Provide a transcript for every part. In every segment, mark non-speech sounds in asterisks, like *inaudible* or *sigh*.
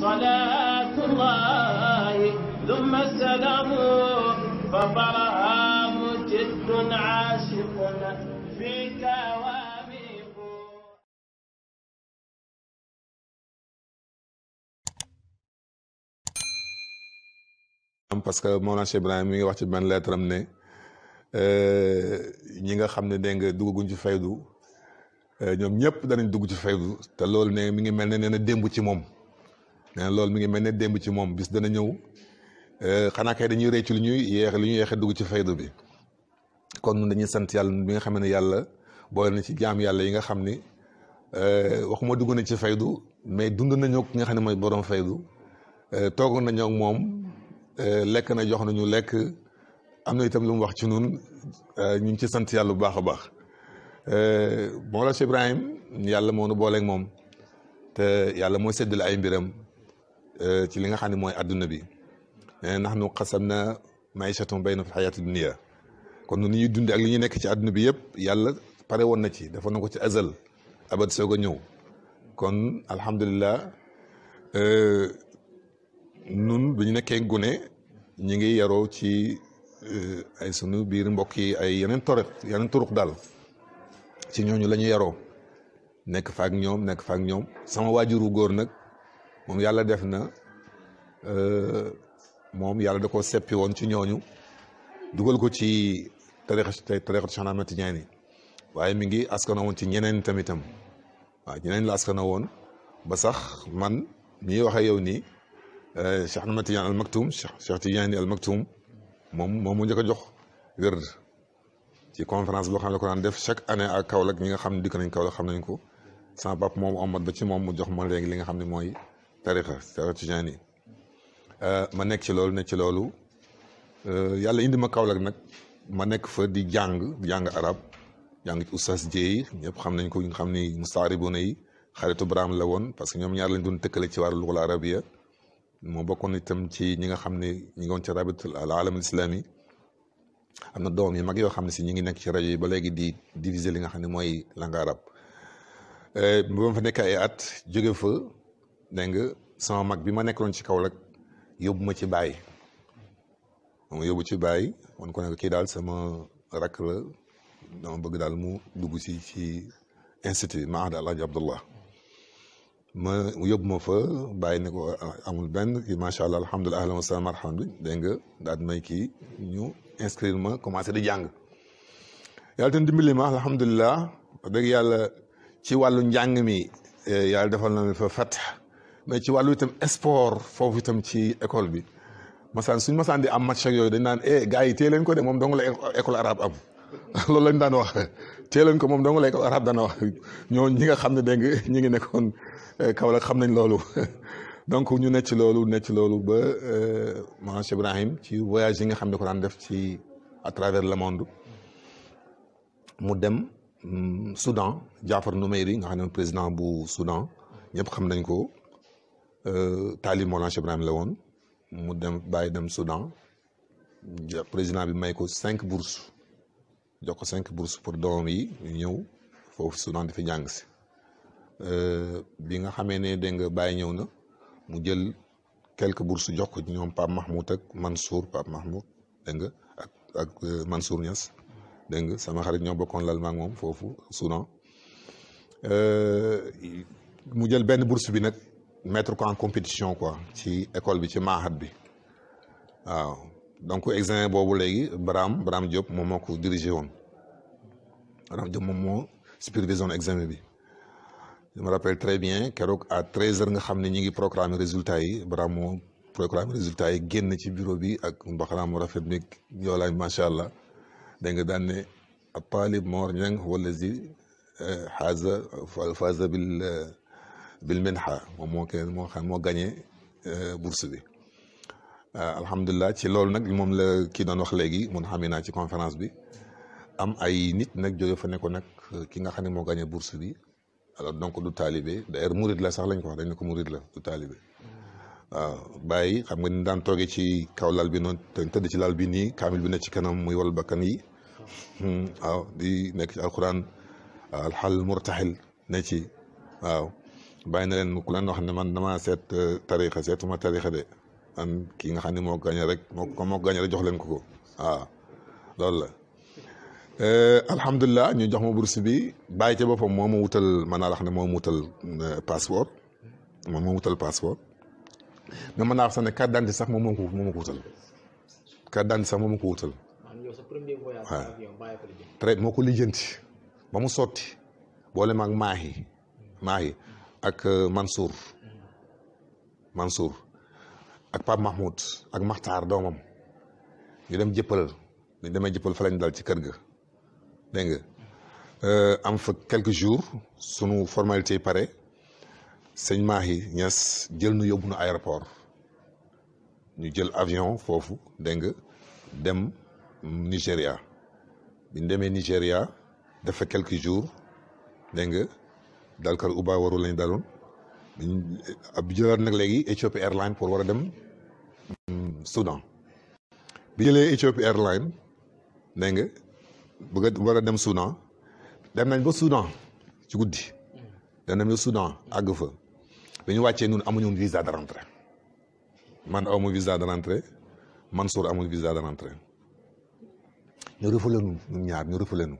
صلاة parce que Mawlana Cheikh mi ngi wax ci benn lettre am euh, nga xam ne dégg nga dugguñ ci faydu euh, ñoom ñëpp danañ dugg ci faydu te loolu ne mi ngi mel ne nee na démb ci moom nee eh, na loolu mi ngi mel ni démb ci moom bis dana ñëw eh, xanaa kay dañuy réccu lu ñuy yeexe lu ñuy yeexe dugg ci faydu bi kon nun dañuy sant yàlla bi nga xam ne yàlla boole na ci jaam yàlla yi nga xam ni eh, waxuma dugg ci faydu mais dund nañoo ki nga xam ne mooy borom faydu toogoon nañoo ak moom lekk na jox nañu lekk am na itam lu mu wax ci nun ñu ngi ci sant yàlla bu baax a baax Mawlana Cheikh Ibrahim yàlla moo nu booleek moom te yàlla moo séddale ay mbiram Euh, ci li nga xam ne mooy adduna bi nee eh, nahnu qasamna maishatum bayna fi xayaati dunia kon nu ñuy dundee ak li ñuy nekk ci adduna bi yëpp yàlla pare woon na ci defoon na ko ci azal abad soog a ñëw kon alhamdulilah euh, nun bu ñu nekkee gune ñi ngi yaroo ci euh, ay sunu biir mbokk yi ay yeneen torix yeneen turux daal ci ñooñu la ñu yaroo nekk fa ak ñoom nekk fa ak ñoom sama waajuru góor nag. moom yàlla def na euh, moom yàlla da ko seppi woon ci ñooñu dugal ko ci tarixa tarixatu Cheikh Ahmed Tidiane yi waaye mi ngi askana woon ci ñeneen tamitam waaw ñeneen la askana woon ba sax man mi waxee yow nii euh, Cheikh Ahmed Tidiane al Maktoum Cheikh Tidiane al Maktoum moom moom mu njëkk a jox wér ci conférence boo xam ne ko daan def chaque anne ak Kaolack ñi nga xam ne dikk nañ Kaolack xam nañ ko sama pap moom amat ba ci moom mu jox ma léegi li nga xam ne mooy tarixa tarixa tijaani euh, ma nekk ci loolu nekk ci loolu euh, yàlla indi ma Kaolack nag ma nekk fa di jàng di jàng arab jàng ci ji Dieye ñëpp xam nañ ko ñu xam ni mustaaribuna yi xaritu Braham la woon parce que ñoom ñaar lañ doon tëkkale ci wàllu lugal arabiya moo bokkoon itam ci ñi nga xam ni ñi ngi woon ci rabitul alam islami am na doom yi mag yoo xam ne si ñu ngi nekk ci rajo yi ba léegi di diviser li nga xam ne mooy langue arabe euh, ba ma fa nekk ay at jóge fa dégg nga sama mag bi ma nekkoon ci kaw rek yóbbu ma ci bàyyi ma yóbbu ci bàyyi man ko nekk kii daal sama rakk la dama bëgg daal mu dugg si ci institut ma ànd alaaji abdullah ma yóbbu ma fa bàyyi ne ko amul benn kii macha allah alhamdulilah ahlan wa salaam marhaban bi dégg nga daal may kii ñu inscrire commencé di jàng yàlla itam dimbali ma alhamdulilah dëgg yàlla ci wàllu njàng mi eh, yàlla defal na mi fa fat mais ci wàllu itam sport foofu itam ci école bi masaan suñ masaan di am match yooyu dañ naan eh gars yi téye leen ko de moom dong la école arabe *laughs* loolu lañ daan wax téye leen ko moom dong la école arabe daan wax ñoo ñi nga xam ne dégg nga ñi ngi nekkoon eh, Kaolack xam nañ loolu *laughs* donc ñu nekk ci loolu nekk ci loolu ba eh, maanaam Cheikh Ibrahim ci voyage yi nga xam ne ko daan def ci à travers le monde mu dem mm, Soudan Jaafar Noumeiri nga xam ne président bu Soudan ñëpp xam nañ ko Euh, taalib Mawlana Cheikh Ibrahim la woon mu dem bàyyi dem Soudan président bi may ko cinq bourses jox ko cinq bourses pour doom yi ñëw foofu Soudan fi jàng si euh, bi nga xamee ne dégg nga bàyyi ñëw na mu jël quelques bourses jox ko ñoom Pape Mahmoud ak Mansour Pape Mahmoud dégg nga ak ak euh, Mansour Niass dégg nga sama xarit ñoo bokkoon lal ma moom foofu Soudan mu jël benn bourse bi nag. mettre ko en compétition quoi ci école bi ci maaxat bi waaw donc examen boobu léegi Baraam Baraam Diop moom moo ko dirigé woon Baraam Diop moom moo supervisé woon examen bi je me rappelle très bien keroog à treize heures nga xam ne ñi ngi programme résultat yi baram moo programme résultat yi génn ci bureau bi ak mbaxanaam mu rafet bi yoolaay macha allah dégg nga daan ne a paalib moor ñang wala si xaaza eh, faza bil eh, bil minha moom moo kenn moo xam moo gagné euh, bourse euh, alhamdulilah ci loolu nag moom la kii doon wax léegi mun xam naa ci conférence bi am ay nit nag jóge fa ne ko nag euh, ki nga xam ne moo gagné bourse bi alors donc du taalibe d'ailleurs murid la sax lañ ko wax dañ ko murid la du taalibe waaw bàyyi xam nga ni daan toogee ci kaw lal bi noon te tëdd ci lal bi nii kaamil bi ne ci kanam muy wal bakkan yi hmm, waaw di nekk ci alquran alxal murtaxil ne ci waaw bàyyi na leen mu ku leen wax ne man damaa seet euh, tarixa seetuma tarixa de man kii nga xam ni moo gañe rek moo ko moo rek jox leen ko ko loolu la euh, alhamdulilah ñu jox ma bourse bi bàyyi ca boppam moo ma wutal mën naa wax ne moo ma wutal euh, passeport moo ma wutal passeport mën naa wax ne carte d'identité sax ko ma ko wutal carte d'identité sax moo ma ko wutal waaw lijjanti ba mu sotti boole maag maahi maahi ak euh, Mansour Mansour ak Pape Mahmoud ak Maxtaar doomam ñu dem jëppal ñu demee jëppal fa lañ ci kër ga dégg nga euh, am fa quelque jour sunu formalité pare sëñ Mahi Niass jël nu yóbbu nu aéroport ñu jël avion foofu dégg nga dem Nigéria bi demee Nigéria dafa quelques jours dégg nga daal kar Uba waru lañu daaloon bi jëlaat nag léegi Ethiopia Airlines pour war a dem mm, Soudan bi jëlee Ethiopia Airlines nee nga bëgg war a dem Soudan dem nañ ba Soudan ci guddi dem nañ ba Soudan àgg fa bi ñu wàccee ñun amuñu visa de rentrée man aw ma visa de rentrée Mansour amul visa de rentrée ñu refoulé ñun ñaar ñu refoulé ñu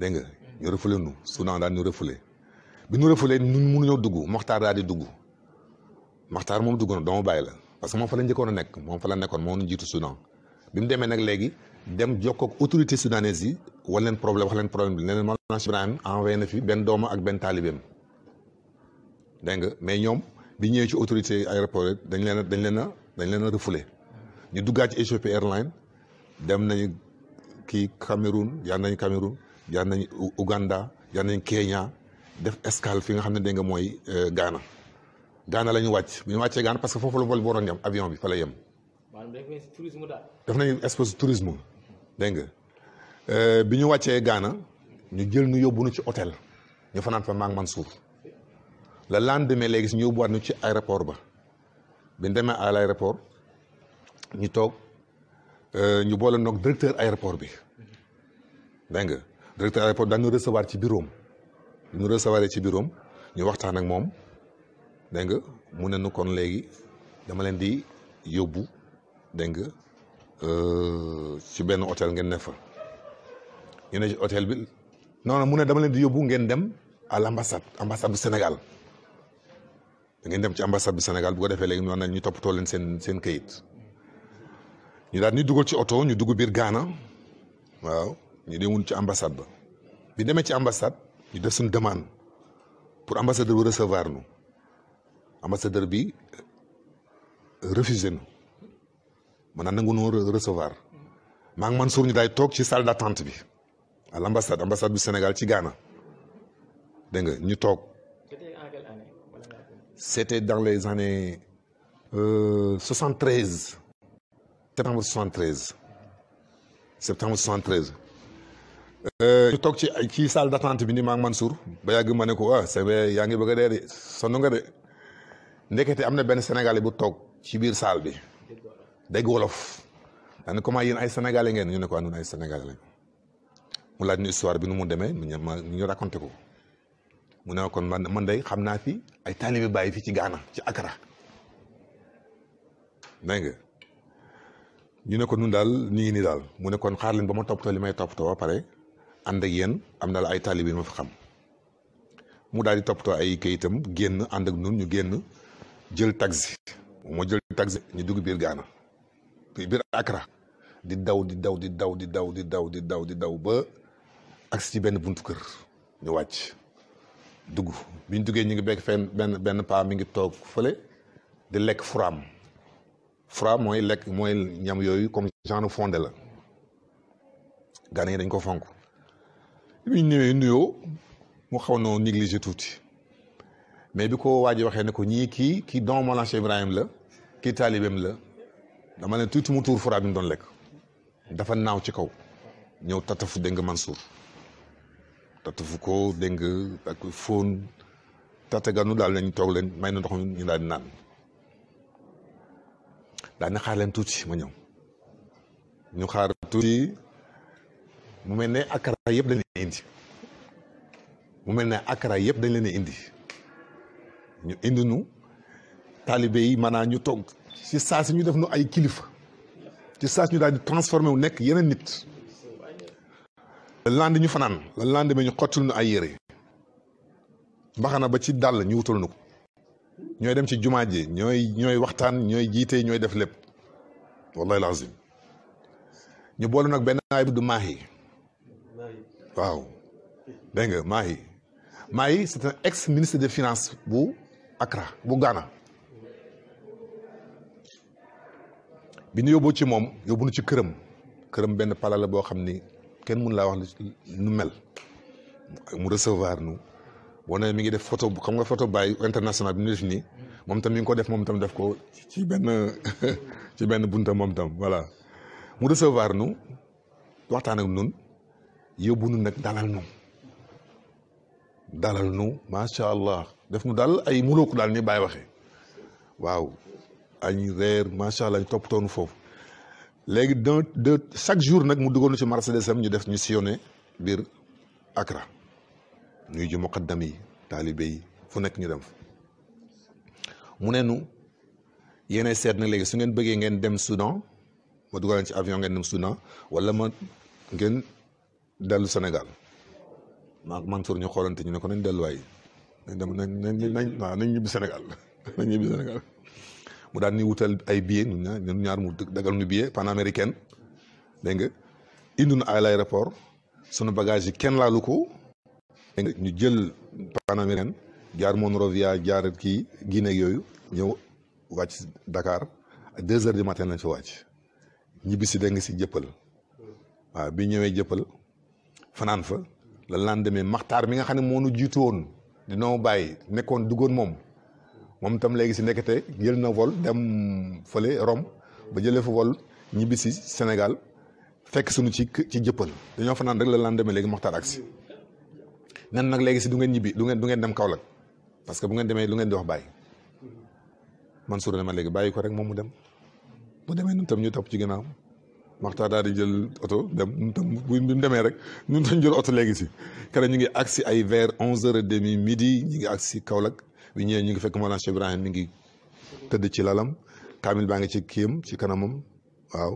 dégg nga ñu refoulé nu Soudan daal ñu refoulé bi ñu refoulé ñun mënuñoo dugg Mokhtar daal di dugg Mokhtar moom dugg na doomu bàyyi la parce que moom fa la njëkkoon a nekk moom fa la nekkoon moo ñu jiitu Soudan bi mu demee nag léegi dem jokkoog autorité soudanaise yi wal leen problème wax leen problème bi ne leen Mawlana Cheikh na fi benn dooma ak benn taalibeem dégg nga mais ñoom bi ñëwee ci autorité aéroport dañ leen dañ leen dañ leen a refoulé ñu duggaat ci Ethiopia Airlines dem nañu kii Cameroun yaan nañu Cameroun jaar nañ Uganda jaar nañ Kenya def escale fi nga xam ne dégg nga mooy euh, Ghana gaana la ñu wàcc bu ñu wàccee Ghana parce que foofu la vol bi waroon yem avion bi fa la yem. def nañu espèce tourisme dégg nga euh, bi ñu wàccee gaana ñu jël ñu yóbbu nu ci hôtel ñu fanaan fa maag la le lendemain léegi si ñu yóbbuwaat ñu ci aéroport ba bi ñu demee à l'aéroport ñu toog euh, ñu boole noog directeur aéroport bi dégg nga directeur aéroport daan ñu ci bureau am ñu ci bureau am ñu waxtaan ak moom dégg nga mu ne nu kon léegi dama leen di yóbbu dégg nga euh, ci benn hôtel ngeen ne fa ñu ne ci hôtel bi non non mu ne dama leen di yóbbu ngeen dem à l' ambassade ambassade bu Sénégal ngeen dem ci ambassade bu Sénégal bu ko defee léegi ñu naan ñu toppatoo leen seen seen kayit ñu daal ñu dugal ci oto ñu dugg biir Gaana waaw. ñu demoon ci ambassade ba bi demee ci ambassade ñu def suñ demande pour ambassadeur bu recevoir nu ambassadeur bi euh, refusé man maanaam nangu noo recevoir maa ngi Mansour ñu daay toog ci salle d'attente bi à l' ambassade ambassade bi Sénégal ci gaana dégg nga ñu toog. c' était dans les années euh, soixante treize. septembre soixante treize. septembre soixante treize. toog ci ci salle d'attente bi ni maa ngi Mansour ba yàgg ma ne ko ah c'est yaa ngi bëgg a dee de sonn nga de ndekete am na benn sénégalais bu toog ci biir saal bi dégg wolof daanaka comment yéen ay sénégalais ngeen ñu ne ko ah ñun ay sénégalais lañ mu laaj ñu histoire bi mu demee ñu ko mu ne kon man man day xam naa fi ay taalibe bàyyi fii ci Ghana ci Accra ne ko nun daal ñu ngi nii daal mu ne kon xaar leen ba ma toppatoo li may toppatoo ba pare. ànd yenn am na la ay taalibe ma fa xam mu daal di toppatoo ay kayitam génn ànd ak ñun ñu génn jël taxi moo jël taxi ñu dugg biir Gaana biir Accra di daw di daw di daw di daw di daw di daw di daw ba agsi ci benn buntu kër ñu wàcc dugg bi ñu duggee ñu ngi bekk fenn benn benn paa mi ngi toog fële di lekk furaam furaam mooy lekk mooy ñam yooyu comme genre fonde la Gaana yi dañ ko fonk bi ñu nuyoo mu xaw noo négligé tuuti mais bi ko waa ji waxee ne ko ñii kii kii don Mawlana Cheikh Ibrahim la kii taalibeem la dama ne tuuti mu tuur fura bi lekk dafa naaw ci kaw ñëw fu dégg nga Mansour tatafu ko dégg nga ak fóon tataganu daal nañ toog leen may na ndox ñu daal di naan daal na xaar leen tuuti ma ñëw ñu xaar tuuti mu mel ne akara yëpp dañ leen indi mu mel ne akara yëpp dañ leen indi ñu indi nu taalibe yi maanaam ñu toog ci saa si ñu def nu ay kilifa ci saa si ñu daal di transformé wu nekk yeneen nit le lendemain ñu fanaan le lendemain ñu xottul nu ay yére mbaxana ba ci dàll ñu wutal nu ko ñooy dem ci jumaa ji ñooy ñooy waxtaan ñooy jiite ñooy def lépp wallahi lazim ñu boole nag benn waay bu du yi waaw dégg nga Mahi Mahi c'est un ex ministre de finance bu Accra bu gaana bi nu yóbboo ci moom yóbbu nu ci këram këram benn pala boo xam ni kenn mun laa wax nu mel mu recevoir nu wane mi ngi def photo xam nga photo Baye international bi ñu def nii moom tam mi ngi ko def moom tam def ko ci benn *laughs* ci benn bunta moom tam voilà mu recevoir nu waxtaan ak nun yóbbu nu nag dalal nu dalal nu macha allah def nu daal ay mulooku daal ni bàyyi waxee waaw añ reer macha allah ñu toppatoonu foofu léegi de de chaque jour nag mu duggoon ci Mercedes am ñu def ñu sillonné biir Accra ñuy ji muqaddam yi taalibe yi fu nekk ñu dem mu ne nu yéenay seet nag léegi su ngeen bëggee ngeen dem Soudan ma duggaleen ci avion ngeen dem Soudan wala ma ngeen dellu Sénégal maak Mansour ñu xoolante ñu ne ko nañ delluwaay nañ nañ nañ waaw nañ *laughs* ñibbi Sénégal mu daan ni wutal ay billets ñun ñaar mu dagal ñu billet panaméricaine dégg nga indi nu sunu bagage kenn laalu ko ñu jël panaméricaine jaar Monrovia jaar kii Guinée yooyu ñëw wàcc Dakar à deux heures du matin lañ fa wàcc ñibbi si dégg si jëppal waaw bi ñëwee jëppal fanaan fa la lendemain maxtaar mi nga xam ne moo nu jiitu woon di noo bàyyi nekkoon duggoon moom moom tam léegi si nekkate jël na vol dem fële Rome ba jëlee fa vol ñibbi si senegal fekk suñu ci ci jëppal dañoo fanaan rek la demee léegi maxtaar ak si nen nag léegi si du ngeen ñibbi du ngeen du ngeen dem Kaolack parce que bu ngeen demee lu ngeen di wax bàyyi man ne ma léegi bàyyi ko rek moom mu dem bu demee ñun tam ñu topp ci ginnaaw Maxtaar daal di jël oto dem ñun tam mu demee rek ñun tam jël oto léegi si keroog ñu ngi agsi ay vers onze heures demi midi ñu ngi agsi Kaolack ñëwee ñu ngi fekk Mawlana Cheikh Ibrahim mi ngi tëdd ci lalam kaamil baa ngi ci kiyam ci kanamam waaw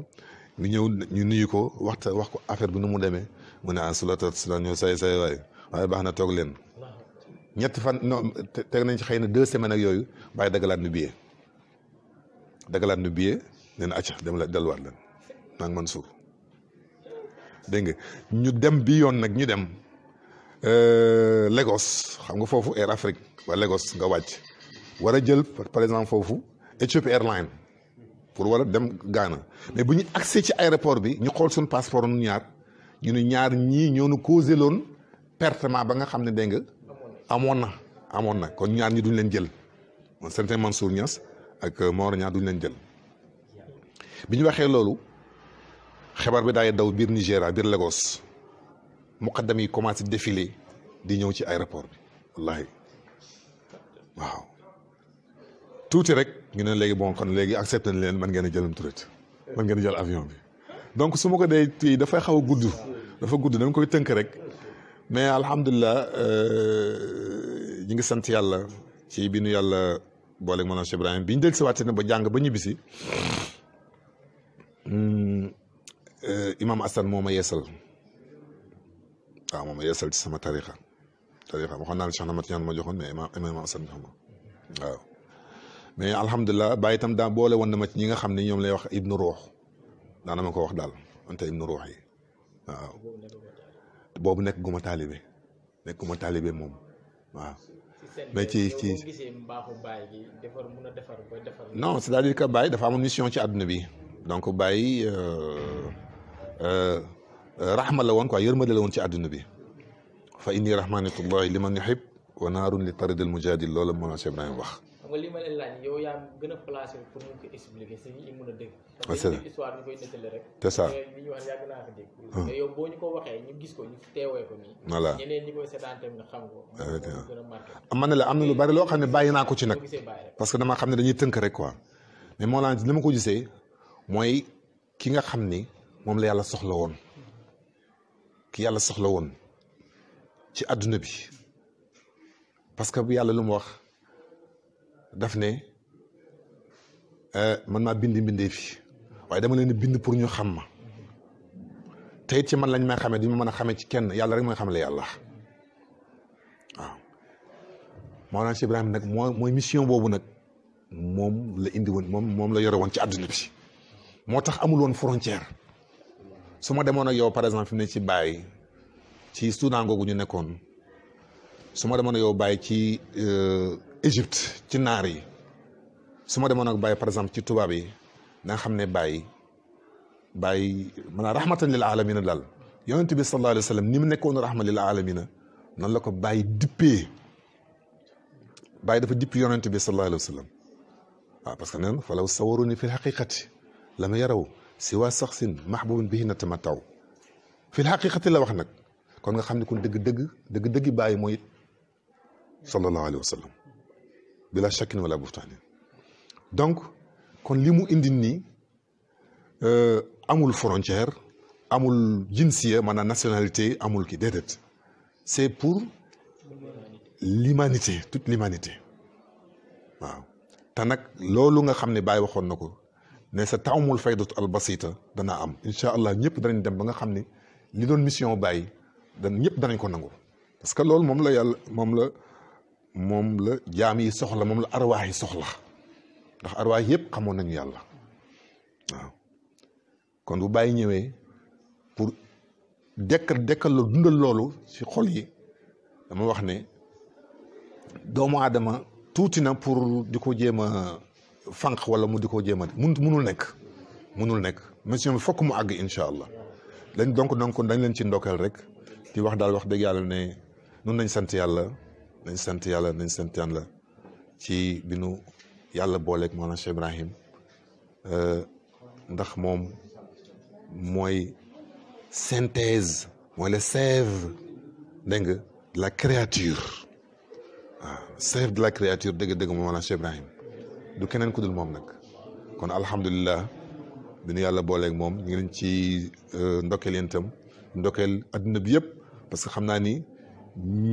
ñu ñu nuyu ko waxta wax ko affaire bi nu mu demee mu ne ah sulata sula ñëw say say waay waaye baax na toog leen ñetti fan teg nañ ci xëy na deux semaines ak yooyu bàyyi dagalaat nu billet dagalaat nu billet nee acca dem la delluwaat leen naan Mansour dégg nga ñu dem bi yoon nag ñu dem euh, Lagos xam nga foofu Air Afrique waa Lagos nga wàcc war a jël par exemple foofu Ethiopia Airlines pour war a dem Ghana mais bu ñu accès ci aéroport bi ñu xool suñu passeport nu ñaar ñu ne ñaar ñii ñoo nu causé loon pertement ba nga xam ne dégg nga amoon na amoon na kon ñaar ñi duñ leen jël certain Mansour ñas ak euh, Mor Niass duñ leen jël bi ñu waxee loolu. xebar bi daay daw biir Nigéria biir Lagos muqaddam yi commencé défilé di ñëw ci aéroport bi wallaahi waaw tuuti rek ngi ne léegi bon kon léegi accepté nañ leen man ngeen a jël turist mën ngeen jël avion bi donc su ma ko dee tii dafay xaw a gudd dafa gudd dañ koy tënk rek mais alhamdulilah euh, ñu ngi sant yàlla ci bi nu yàlla booleeg Mawlana Cheikh Ibrahima bi ñu dellusiwaat si ne ba jàng ba ñibbisi. Hmm. Euh, Imam Assane moo ma yeesal waaw moo ma yeesal ci sama tarixa tarixa waxoon naa ne Cheikh Namat ñaan ma joxoon mais alhamdulilah bàyyi itam daa boole woon na ma ci ñi nga xam ne ñoom lay wax ibnu ruux daana ma ko wax daal ante ibnu boobu nekk guma taalibe nekk guma taalibe moom waaw mais ci ci non c'est-à-dire que dafa amoon mission ci àdduna bi donc Baye euh, Euh, euh, raxma la woon quoi yërmande la woon ci àdduna bi fa inni rahmanatullahi liman yuhib li taridil mujadil loolu wax. ma leen laaj yow yaa a placé pour mu a dégg. Ah, parce que ah. ah, a marqué. man ne la am na lu bari loo xam ne bàyyi naa ko ci nag. parce que dama xam ne dañuy tënk rek quoi. mais Mawlana li ma ko gisee mooy ki nga xam ni moom la yàlla soxla woon ki yàlla soxla woon ci àdduna bi parce que bu yàlla lu mu wax daf ne euh, man maa bind mbindee fi waaye dama leen bind pour ñu xam ma te ci man lañ may xamee du ma mën a xamee ci kenn yàlla rek mooy xamle yàlla waaw Mawlana Cheikh Ibrahima nag moo mooy mission boobu nag moom la indi woon moom moom la yore woon ci àdduna bi moo tax amul woon frontière su ma demoon ak yow par exemple fi ne ci bàyyi ci Soudan googu ñu nekkoon su ma demoon ak yow bàyyi ci euh, Égypte ci naar yi suma demoon ak bàyyi par exemple ci tubaab yi da nga xam ne bàyyi bàyyi maanaam rahmatan lil alamina daal yonent bi sallallahu alayhi wa ni mu nekkoon rahma lil alamina noonu la ko bàyyi dippee bàyyi dafa dipp yonent bi sallallahu alayhi wa sallam waaw parce que neen falaw sawaruni fi haqiqati la ma yaraw si waa sax sin mahbubun bihi na tamataw fi l xaqiqati la wax nag kon nga xam ne kon dëgg-dëgg dëgg-dëggi bàyyi mooy sallallahu alayhi wa sallam bila shakkin wala buftaanin donc kon li mu indi nii euh, amul frontière amul jinsiya maanaam nationalité amul ki déedéet c'est pour l'humanité toute l'humanité waaw te nag loolu nga xam ne Baye waxoon na ko ne sa taamul faydatu albasita danaa am incha allah ñëpp danañ dem ba nga xam ni li doon mission bàyyi dan ñëpp danañ ko nangu parce que loolu moom la yàlla moom la moom la jaam yi soxla moom la arwaax yi soxla ndax arwaax yëpp xamoon nañu yàlla waaw kon bu bàyyi ñëwee pour dekkal dekkal la dundal loolu ci xol yi dama wax ne doomu aadama tuuti na pour di ko jéem a fànq wala mu di ko jéem a mun munul nekk munul nekk mission bi fokk mu àgg incha allah dañ donc donc dañ leen ci ndokkeel rek di wax daal wax dëgg yàlla ne nun nañ sant yàlla nañ sant yàlla nañ sant yàlla ci bi nu yàlla booleeg maanaam Cheikh Ibrahim ndax moom mooy synthèse mooy nga la créature waaw sève la créature dëgg-dëgg moom maanaam Cheikh Ibrahim du keneen ku dul moom nag kon alhamdulilah bi nu yàlla booleeg moom ñu ci euh, ndokkeel yéen itam ndokkeel adduna bi yëpp parce que xam naa ni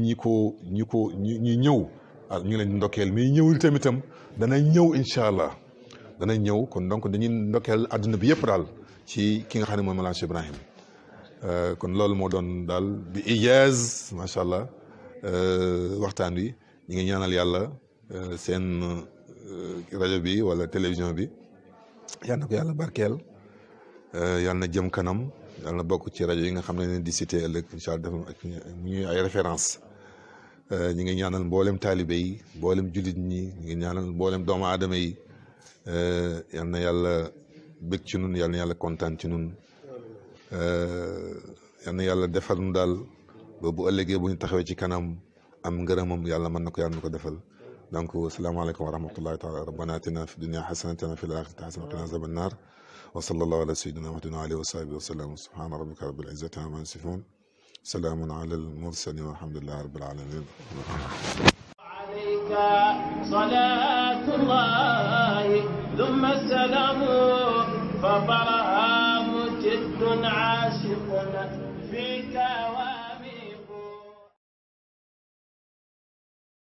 ñi ko ñi ko ñi ñëw ah, ñu ngi leen ndokkeel ñëwul tamitam dana ñëw incha allah dana ñëw kon donc dañuy ndokkeel àdduna bi yëpp daal ci ki nga xam ne mooy Malang Cheikh Ibrahim euh, kon loolu moo doon daal bi ijaaz macha allah euh, waxtaan wi ñu ngi ñaanal yàlla seen. Euh, rajo bi wala télévision bi yal na ko yàlla barkeel euh, yal na jëm kanam yal na bokk ci rajo yi nga xam ne di cité ëllëg incha allah def mu ñuy ay référence euh, ñi ngi ñaanal mboolem taalibe yi mboolem jullit ñi ñi ngi ñaanal mboolem doomu aadama yi yal yàlla bëgg ci nun yal yàlla kontaan ci nun yal na yàlla defal daal ba bu ëllëgee bu ñu taxawee ci kanam am ngërëmam yàlla mën na ko yàlla na ko defal donc asalaamaaleykum wa rahmatullahi taala rabbana atina fi dunia xasanatan wa fil axirati xasanatan wa qina azaban naar wa sallallahu ala sayyidina muhammadin wa alihi wa sahbihi wa sallam subhana rabbika rabbil izzati amma yasifun salaamun ala al mursalin walhamdulillahi rabbil alamin عليك صلاة الله ثم السلام فطرها